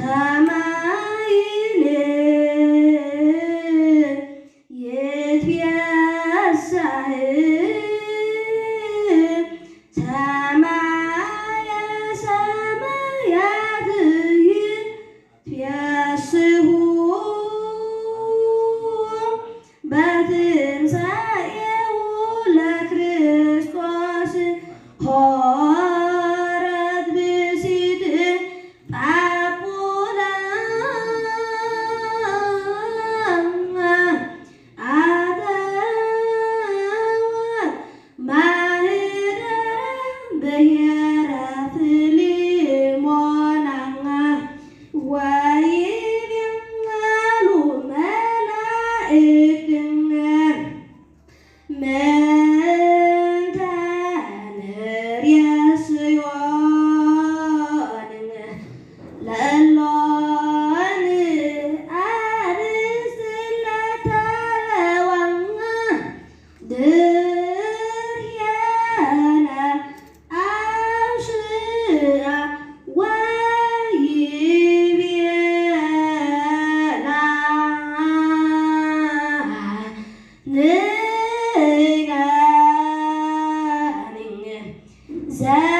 time said.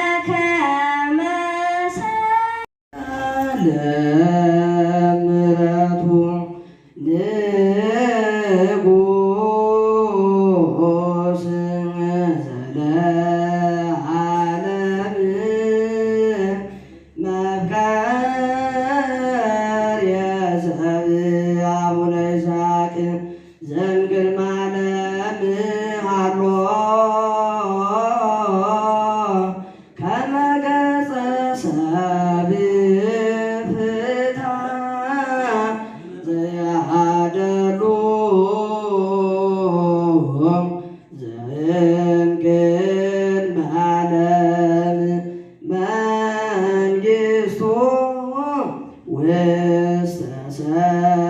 benzer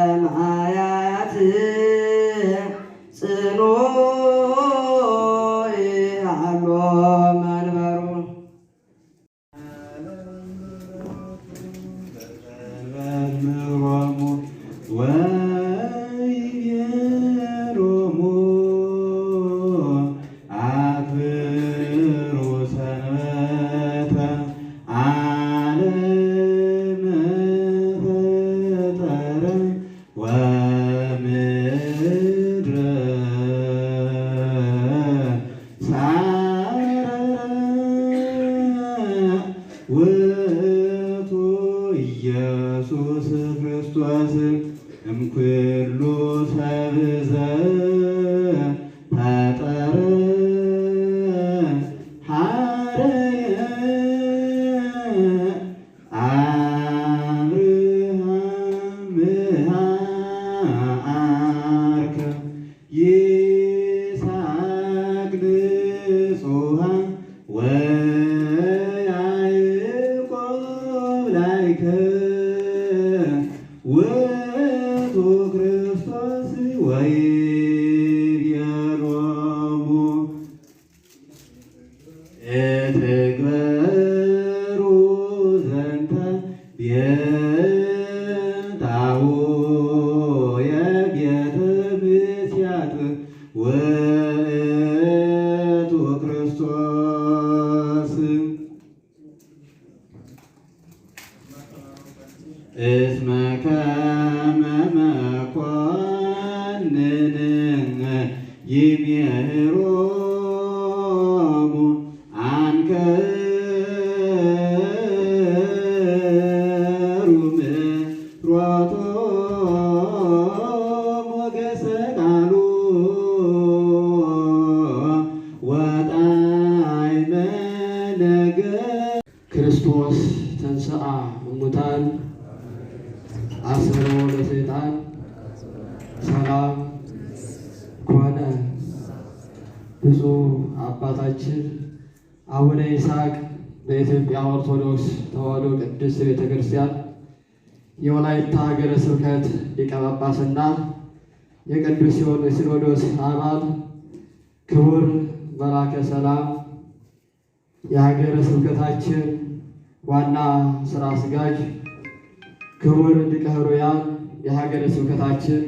ውእቱ ኢየሱስ ክርስቶስ እምኩሉ እትግበሩ ዘንተ ቤንታሁ የቤተ ብስያት ክርስቶስ እስመ ከመ ይሜሩ ክርስቶስ ተንሥአ እሙታን አስሮ ለሰይጣን ሰላም ኮነ። ብፁዕ አባታችን አቡነ ይስሐቅ በኢትዮጵያ ኦርቶዶክስ ተዋሕዶ ቅድስት ቤተ ክርስቲያን የወላይታ ሀገረ ስብከት ሊቀ ጳጳስና የቅዱስ ሲኖዶስ አባል ክቡር መላከ ሰላም የሀገረ ስብከታችን ዋና ስራ አስጋጅ ክቡር ሊቀ ኅሩያን የሀገረ ስብከታችን